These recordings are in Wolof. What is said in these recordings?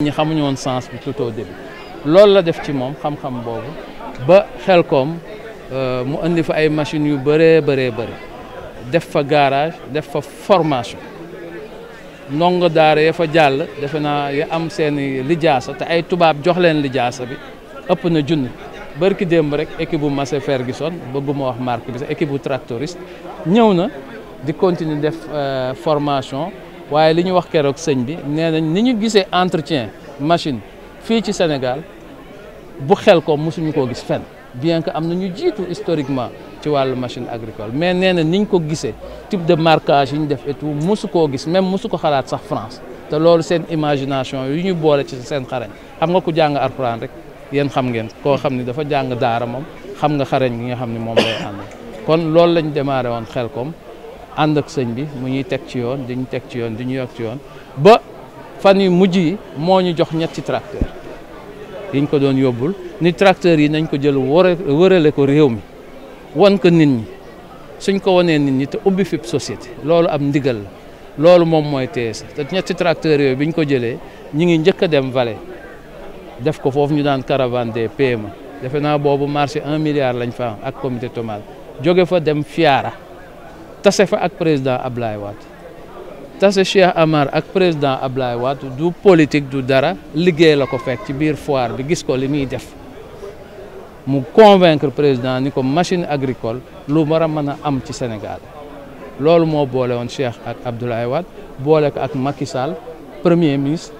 ñi xamuñu woon sens bi tout au début loolu la def ci moom xam-xam boobu ba xel Xelkom euh, mu indi fa ay machines yu bëree baree bëri def fa garage def fa formation ndongo daar ya fa jàll defe naa ya am seeni lijaasa te ay tubaab jox leen lijaasa bi ëpp na junni barki démb rek équipe bu Massey Ferguson bëgguma wax marque bi sax équipe bu tractoriste ñëw na di continuer def euh, formation waaye li ñu wax keroog sëñ bi nee nañ ni ñu gisee entretien machine fii ci Sénégal bu xel ko mosuñu koo gis fenn bien que am na ñu jiitu historiquement ci wàllu machine agricole mais nee na ñu ko gisee type de marquage yi ñu def et tout koo gis même mosu ko xalaat sax France te loolu seen imagination yu ñu boole ci seen xarañ xam nga ko jàng Alxuraan rek yéen xam ngeen koo xam ni dafa jàng daara moom xam nga xarañ gi nga xam ni moom lay ànd kon loolu lañ démarré woon Xelcom ànd ak sëñ bi mu ñuy teg ci yoon di ñu teg ci yoon di ñu yokk ci yoon ba fan yu mujj yi moo ñu jox ñetti tracteur yiñ ko doon yóbbul ni tracteur yi nañ ko jël wara wërale ko réew mi wan ko nit ñi suñ ko wanee nit ñi te ubbi fi société loolu am ndigal la loolu moom mooy TSE te ñetti tracteurs yooyu biñ ko jëlee ñi ngi njëkk a dem vale def ko foofu ñu daan caravane des defe naa boobu marché un milliard lañ fa ak comité tomate jóge fa dem Fiara tase fa ak président Ablaye Wade tase Cheikh Amar ak président Ablaye Wade du politique du dara liggéey la ko fekk ci biir foire bi gis ko li muy def mu convaincre président ni ko machine agricole lu war a mën a am ci Sénégal loolu moo boole woon Cheikh ak Abdoulaye Wade boole ko ak Macky premier ministre.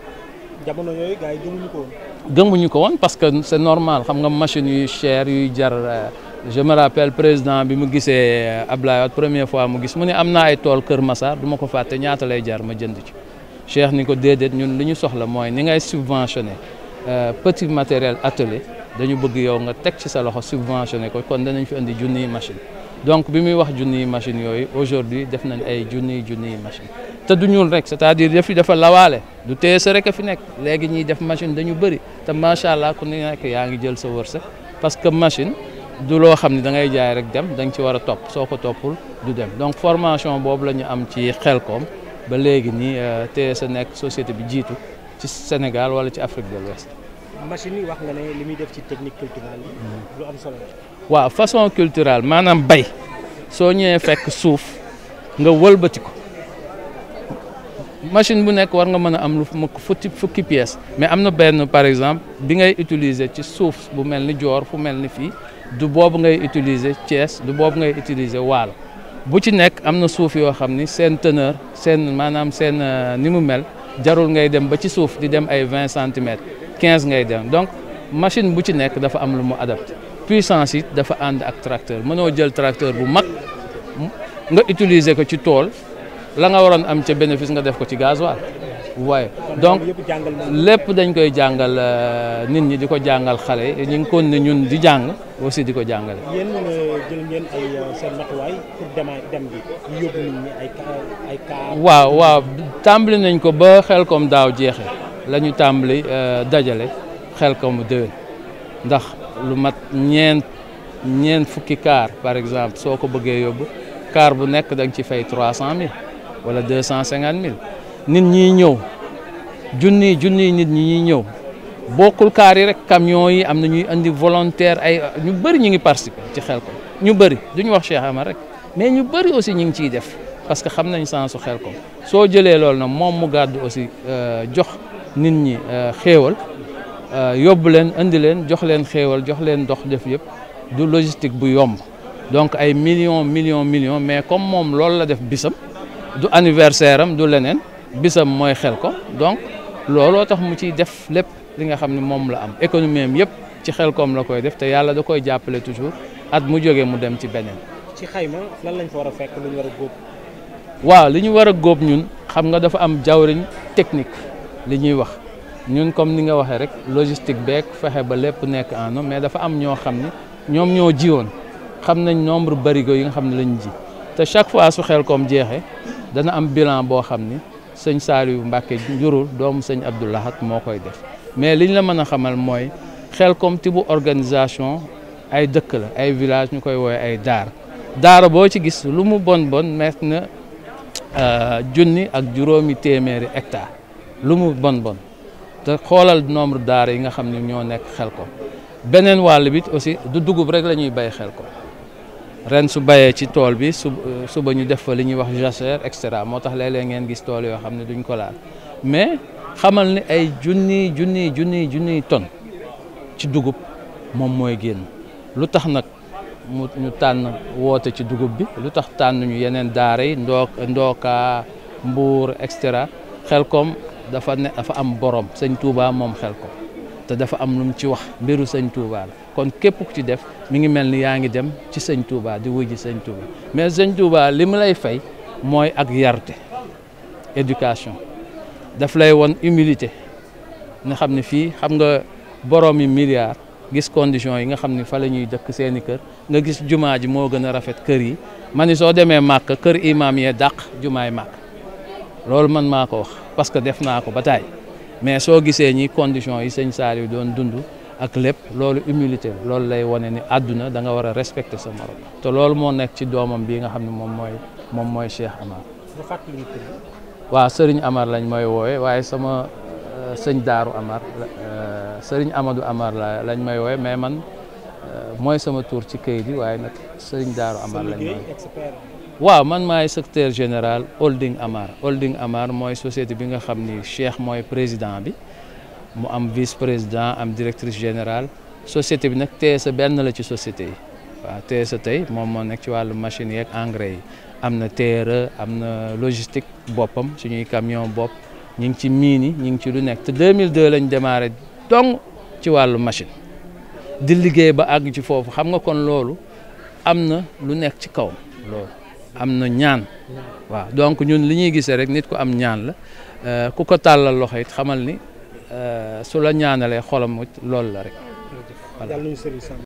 jamono yooyu gars ko woon. gëmuñu parce que c'est normal xam nga machine yu cher yuy jar. Euh, je me rappelle président bi mu gisee euh, Ablaye Wade première fois mu gis mu ne am naa ay tool Kër Massar du ma ko fàtte ñaata lay jaar ma jënd ci Cheikh ni ko déedéet ñun lu ñu soxla mooy ni ngay subventionné euh, petit matériel atelier dañu bëgg yow nga teg ci sa loxo subventionné ko kon danañ fi indi junni machine donc bi muy wax junniy machine yooyu aujourd'hui def nañ ay junniy junniy machine te du ñuul rek c'est-à-dire yëf yi dafa lawaale du tee sa rek a fi nekk léegi ñuy def machine dañu bëri te macha allah ku nekk yaa ngi jël sa wërsëg parce que machine du loo xam ne da ngay jaay rek dem dañ ci war a topp soo ko toppul du dem donc formation boobu la ñu am ci koom ba léegi nii euh, sa nekk société bi jiitu ci Sénégal wala ci Afrique de l'Ouest machine wax nga ne li muy def ci technique culturelle am solo waaw façon culturelle maanaam bay soo ñëwee fekk suuf nga wëlbati ko machine bu nekk war nga mën a am lu mukk fukki fukki pièce mais am na benn par exemple bi ngay utiliser ci suuf bu mel ni joor fu mel ni fii du boobu ngay utiliser Thiès du boobu ngay utiliser Waalo bu ci nekk am na suuf yoo xam ni seen teneur seen maanaam seen euh, ni mu mel jarul ngay dem ba ci suuf di dem ay vingt centimètres quinze ngay dem donc machine bu ci nekk dafa am lu mu adapté puissance it dafa ànd ak tracteur mënoo jël tracteur bu mag nga utiliser ko ci tool la nga waroon am ca bénéfice nga def ko ci gasoil waaye donc lépp dañ koy jàngal euh, nit ñi di ko jàngal xale yi ñu kon ne ñun di jàng aussi di ko jàngale. waaw waaw tàmbali nañ ko ba xel kom daaw jeexe la ñu tàmbali euh, dajale Xelkom déwén ndax lu mat ñeent ñeent fukki kaar par exemple soo ko bëggee yóbbu kaar bu nekk da nga ci fay trois cent mille wala deux cent cinquante mille. nit ñi ñëw junni junni nit ñi ñëw bokkul kaar rek camion yi am na ñuy indi volontaire ay ñu bëri ñu ngi participer ci Xelcom ñu bëri duñu wax Cheikh rek mais ñu bëri aussi ñu ngi ciy def parce que xam nañ sens su Xelcom soo jëlee loolu nag moom mu gàddu aussi euh, jox nit ñi euh, xéewal euh, yóbbu leen indi leen jox leen xéewal jox leen dox def yëpp du logistique bu yomb donc ay millions millions millions mais comme moom loolu la def bisam du anniversaire am du leneen. bisam mooy xel ko donc looloo tax mu ciy def lépp li nga xam ne moom la am économie am yëpp ci xel koom la koy def te yàlla da koy jàppale toujours at mu jógee mu dem ci beneen. ci xayma lan lañ fa war a fekk lu war a góob. waaw li ñu war a góob ñun xam nga dafa am jawriñ technique li ñuy wax ñun comme ni nga waxee rek logistique beeg fexe ba lépp nekk en mais dafa am ñoo xam ne ñoom ñoo jiwoon xam nañ nombre barigo yi nga xam ne lañ ji te chaque fois su xel koom jeexee dana am bilan boo xam ni. sëñ Saliou Mbacke njurul doomu sëñ Abdou Lahat moo koy def mais liñ la mën a xamal mooy xel Xelcom tibu organisation ay dëkk la ay village ñu koy woowee ay daara daara boo ci gis lu mu bon bon met na euh, junni ak juróomi téeméeri hectare lu mu bon bon te xoolal nombre daara yi nga xam ne ñoo nekk xel ko beneen wàll bi aussi du dugub rek la ñuy bay ko ren su bayee ci tool bi su euh, suba ñu def fa li ñuy wax jachère et moo tax léeg-léeg ngeen gis tool yoo xam ne duñ ko laal mais xamal ni ay junni junni junni junni ton ci dugub moom mooy génn lu tax nag mu ñu tànn woote ci dugub bi lu tax tànn ñu yeneen daara yi ndoo ndookaa mbuur et xel koom dafa ne dafa am borom sëñ Touba moom xel ko te dafa am lu mu ci wax mbiru sëñ Touba kon képp ku ci def mi ngi mel ni yaa ngi dem ci sëñ Touba di wujji sëñ Touba mais sëñ Touba li mu lay fay mooy ak yarte éducation daf lay won humilité nga xam ne fii xam nga borom yi milliards gis conditions yi nga xam ne fa la ñuy dëkk seeni kër nga gis jumaa ji moo gën a rafet kër yi ma ni soo demee màkk kër imaam yee dàq jumaa yi màkk loolu man maa ko wax parce que def naa ko ba taay mais soo gisee ñi conditions yi sëñ Saliou doon dund ak lépp loolu humilité loolu lay wane ni àdduna danga nga war a respecter sa morom te loolu moo nekk ci doomam bii nga xam ne moom mooy moom mooy Cheikh Amar. waaw Serigne Amar lañ mooy woowe waaye sama euh, sëñ Daaru Amar euh, Serigne Amadou Amar la lañ may woowe mais man euh, mooy sama tur ci këyit yi waaye nag Serigne Daaru Amar lañ mooy. waaw man maay secrétaire général holding Amar holding Amar mooy société bi nga xam ni Cheikh mooy président bi mu am vice président am directrice général société bi nag TSE benn la ci société yi waaw TSE tey moom moon nekk ci wàllu machine yeeg engrais yi am na TRE am na logistique boppam suñuy camion bopp ñu ngi ci miin ñu ngi ci lu nekk te 2002 lañ démarré dong ci wàllu machine di liggéey ba àgg ci foofu xam nga kon loolu am na lu nekk ci kawam am na ñaan waaw donc ñun li ñuy gisee rek nit ku am ñaan la euh, ku ko tàllal loxo yit xamal ni euh, su la ñaanalee xolam loolu la rek.